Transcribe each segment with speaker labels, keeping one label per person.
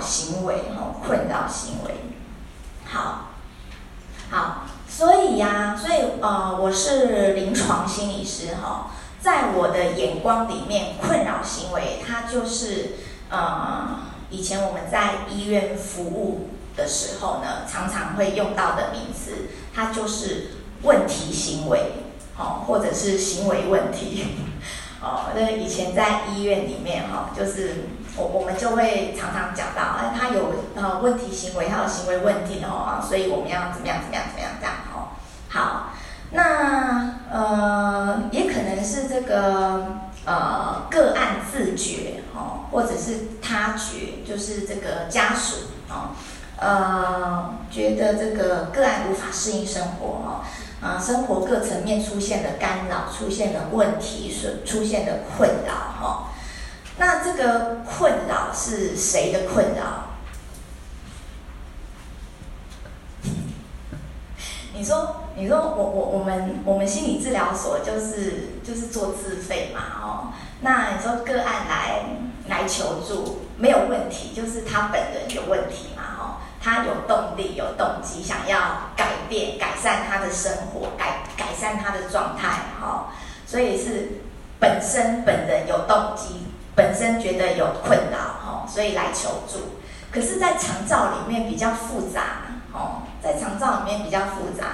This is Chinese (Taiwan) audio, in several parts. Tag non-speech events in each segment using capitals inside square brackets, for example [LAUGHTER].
Speaker 1: 行為哈，困擾行為，好，好，所以呀、啊，所以呃，我是臨床心理師哈、哦，在我的眼光裡面，困擾行為它就是呃，以前我們在醫院服務的時候呢，常常會用到的名詞，它就是問題行為，好、哦，或者是行為問題，哦，那以前在醫院裡面哈、哦，就是。我我們就會常常講到，哎，他有呃問題行為，他有行為問題，哦。所以我們要怎麼樣怎麼樣怎麼樣這樣，哦。好，那呃也可能是這個呃個案自覺，哦，或者是他覺，就是這個家屬，哦，呃覺得這個個案無法適應生活，哦。啊、呃、生活各層面出現的干擾，出現的問題，所出現的困擾，哦。那這個困擾是誰的困擾？你說，你說我，我我我們我們心理治療所就是就是做自費嘛，哦，那你說個案來來求助沒有問題，就是他本人有問題嘛，哦，他有動力有動機想要改變改善他的生活，改改善他的狀態，哦，所以是本身本人有動機。本身覺得有困擾哈、哦，所以來求助。可是，在長照裡面比較複雜哦，在長照裡面比較複雜。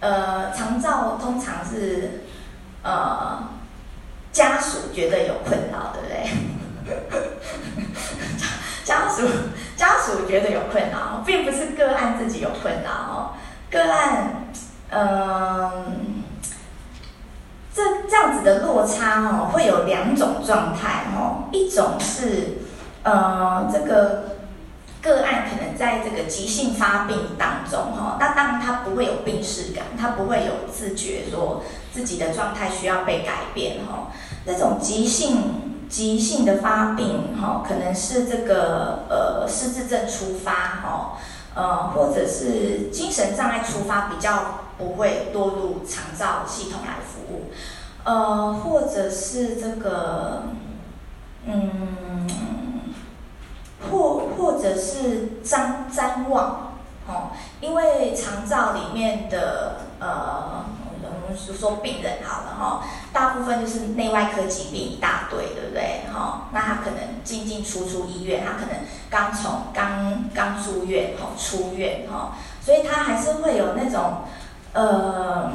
Speaker 1: 呃，長照通常是呃家屬覺得有困擾，對不對？ [LAUGHS] [LAUGHS] 家屬家屬覺得有困擾，並不是個案自己有困擾、哦、個案呃。的落差哦，會有兩種狀態哦。一種是，呃，這個個案可能在這個急性發病當中哈、哦，那當然他不會有病識感，他不會有自覺說自己的狀態需要被改變哈、哦。那種急性、急性的發病哈、哦，可能是這個呃，失智症出發哦，呃，或者是精神障礙出發，比較不會多入長照系統來服務。呃，或者是這個，嗯，或或者是張張望，哦，因為長照裡面的呃，我們說病人好了哈、哦，大部分就是內外科疾病一大堆，對不對？哈、哦，那他可能進進出出醫院，他可能剛從剛剛住院，哈，出院，哈、哦，所以他還是會有那種，呃。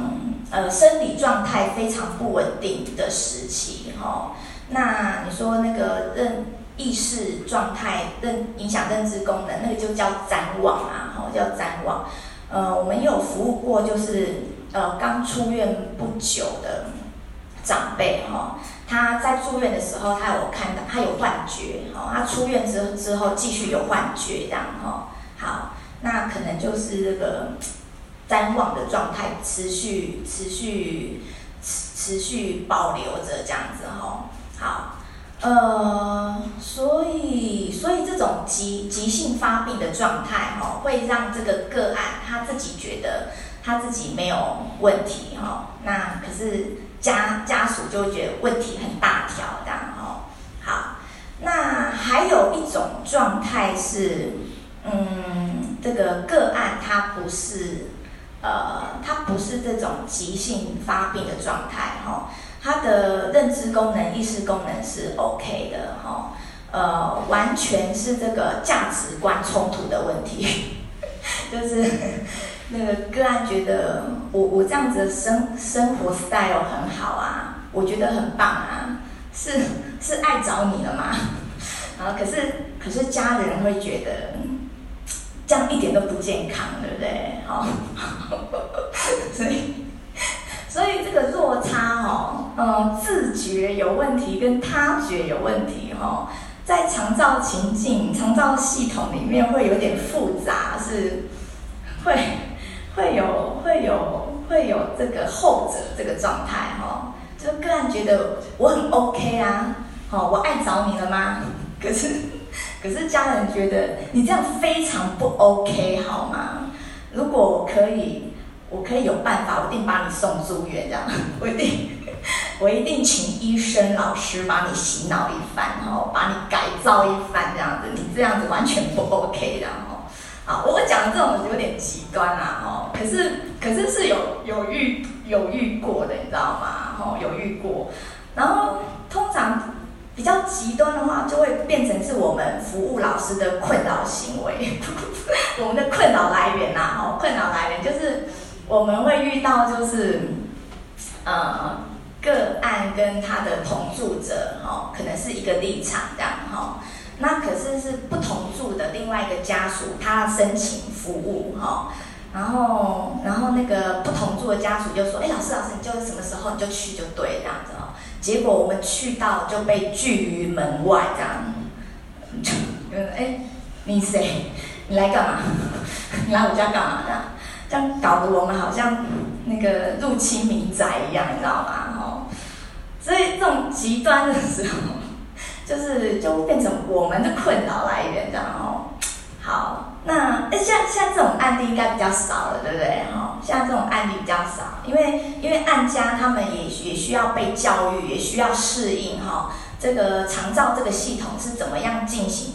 Speaker 1: 呃，生理狀態非常不穩定的時期，哈、哦，那你說那個認意識狀態認影響認知功能，那個就叫譫妄啊，哈、哦，叫譫妄。呃，我們有服務過，就是呃剛出院不久的長輩，哈、哦，他在住院的時候他有看到他有幻覺，哈、哦，他出院之之後繼續有幻覺這樣，哈、哦，好，那可能就是這個。三望的狀態持續、持續、持持續保留着這樣子吼、哦，好，呃，所以所以這種急急性發病的狀態吼、哦，會讓這個個案他自己覺得他自己沒有問題吼、哦，那可是家家屬就會覺得問題很大條這樣吼、哦，好，那還有一種狀態是，嗯，這個個案他不是。呃，他不是這種急性發病的狀態哦，他的認知功能、意識功能是 OK 的哦。呃，完全是這個價值觀衝突的問題， [LAUGHS] 就是那個個案覺得我我這樣子生生活 style 很好啊，我覺得很棒啊，是是愛找你了嗎？啊，可是可是家人會覺得。這樣一點都不健康，對不對？好， [LAUGHS] 所以，所以這個落差哦，呃、嗯，自覺有問題跟他覺有問題哈、哦，在長照情境、長照系統裡面會有點複雜，是，會，會有，會有，會有這個後者這個狀態哈、哦，就個人覺得我很 OK 啊，好、哦，我愛找你了嗎？可是。可是家人覺得你這樣非常不 OK 好嗎？如果我可以，我可以有辦法，我一定把你送住院。這樣。我一定，我一定請醫生老師把你洗腦一番，然後把你改造一番這樣子。你這樣子完全不 OK 的吼。啊，我講的這種有點極端啦哦，可是，可是是有有遇有遇過的，你知道嗎？吼，有遇過，然後通常。比較極端的話，就會變成是我們服務老師的困擾行為。 [LAUGHS] 我們的困擾來源吶，吼，困擾來源就是我們會遇到就是，呃，個案跟他的同住者，哦，可能是一個立場這樣，吼、哦。那可是是不同住的另外一個家屬，他申請服務，吼、哦，然後然後那個不同住的家屬就說，哎、欸，老師老師，你就什麼時候你就去就對這樣子。結果我們去到就被拒於門外，這樣，就，嗯，哎，你誰？你來幹嘛？你來我家幹嘛的？這樣搞得我們好像那個入侵民宅一樣，你知道嗎？哦，所以這種極端的時候，就是就變成我們的困擾來源，這樣哦。好。那，欸、像像這種案例應該比較少了，對不對？哈、哦，像這種案例比較少，因為因為案家他們也也需要被教育，也需要適應哈、哦。這個長照這個系統是怎麼樣進行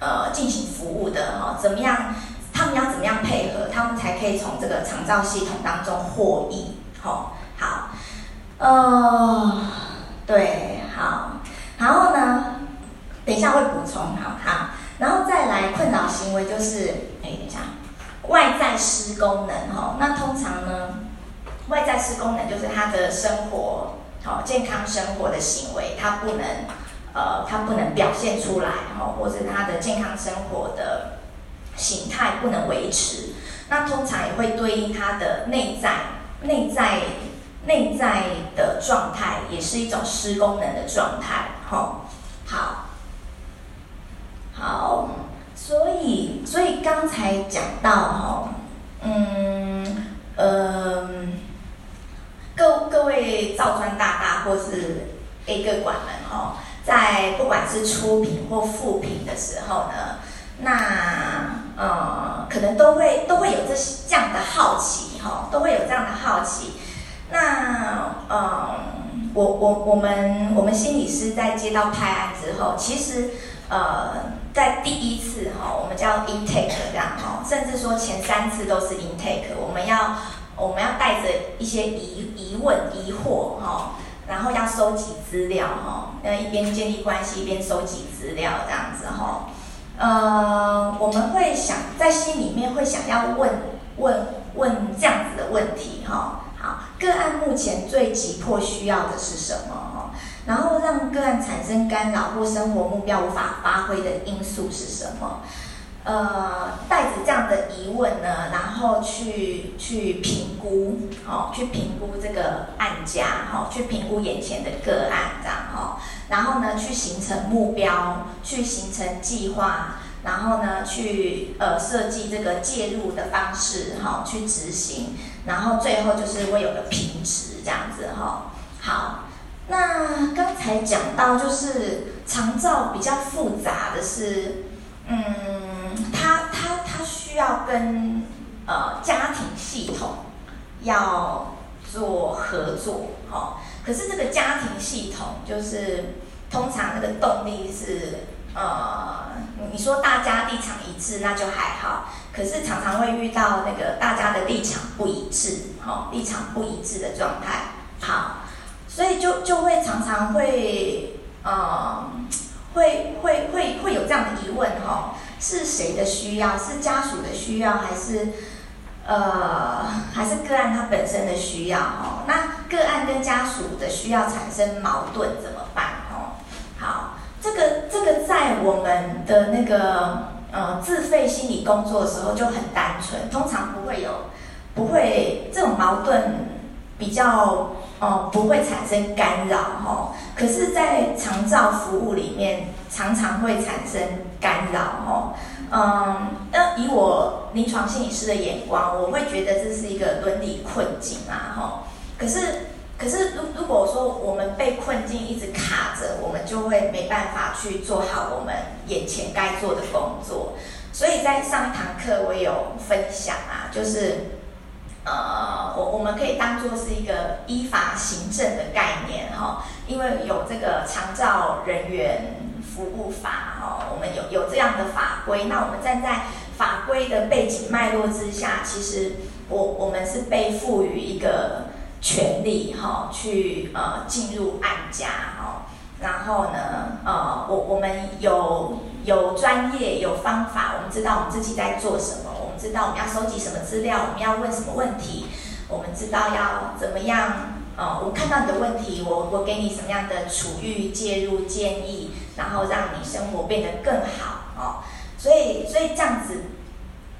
Speaker 1: 呃進行服務的哈、哦？怎麼樣，他們要怎麼樣配合，他們才可以從這個長照系統當中獲益？哈、哦，好，呃，對，好，然後呢，等一下會補充哈。哦來困擾行為就是，哎，等一下，外在失功能哦，那通常呢，外在失功能就是他的生活，哦，健康生活的行為，他不能，呃，他不能表現出來，哈、哦，或者他的健康生活的形態不能維持。那通常也會對應他的內在、內在、內在的狀態，也是一種失功能的狀態，哈、哦，好，好。所以，所以剛才講到哈、哦，嗯，各、呃、各位照專大大或是 A 個管們哦，在不管是初評或複評的時候呢，那呃，可能都會都會有這這樣的好奇哈、哦，都會有這樣的好奇，那嗯。呃我我我們我們心理師在接到派案之後，其實，呃，在第一次哈、哦，我們叫 intake 這樣哈，甚至說前三次都是 intake，我們要我們要帶着一些疑疑問疑惑哈、哦，然後要收集資料哈，要、哦、一邊建立關係一邊收集資料這樣子哈、哦，呃，我們會想在心裡面會想要問問問這樣子的問題哈。哦個案目前最急迫需要的是什麼？哈，然後讓個案產生干擾或生活目標無法發揮的因素是什麼？呃，帶着這樣的疑問呢，然後去去評估，哦，去評估這個案家，哦，去評估眼前的個案，這樣，哦，然後呢，去形成目標，去形成計劃。然後呢，去呃設計這個介入的方式，哈、哦，去執行，然後最後就是會有個評值，這樣子，哈、哦，好。那剛才講到就是長照比較複雜的是，嗯，他他他需要跟呃家庭系統要做合作，哈、哦，可是這個家庭系統就是通常那個動力是。呃、嗯，你說大家立場一致那就還好，可是常常會遇到那個大家的立場不一致，哈、哦，立場不一致的狀態，好，所以就就會常常會，呃、嗯，會會會會有這樣的疑問哈、哦，是誰的需要？是家屬的需要還是，呃，還是個案他本身的需要哈、哦？那個案跟家屬的需要產生矛盾怎麼？這個在我們的那個呃自費心理工作的時候就很單純，通常不會有不會這種矛盾比較哦、呃、不會產生干擾哦。可是，在長照服務裡面常常會產生干擾哦。嗯，那以我臨床心理師的眼光，我會覺得這是一個倫理困境啊哈、哦。可是。可是，如如果說我們被困境一直卡着，我們就會沒辦法去做好我們眼前該做的工作。所以在上一堂課我有分享啊，就是，呃，我我們可以當作是一個依法行政的概念哈，因為有這個《長照人員服務法》哈，我們有有這樣的法規。那我們站在法規的背景脈絡之下，其實我我們是被賦予一個。權利哈、哦，去呃進入案家哈、哦，然後呢呃，我我們有有專業有方法，我們知道我們自己在做什麼，我們知道我們要收集什麼資料，我們要問什麼問題，我們知道要怎麼樣，呃，我看到你的問題，我我給你什麼樣的處遇介入建議，然後讓你生活變得更好哦，所以所以這樣子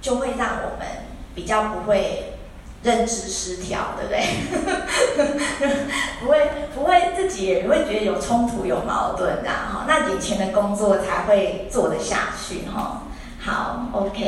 Speaker 1: 就會讓我們比較不會。認知失調，對不對？ [LAUGHS] 不會，不會自己也不會覺得有衝突、有矛盾這樣哈。那以前的工作才會做得下去哈。好，OK。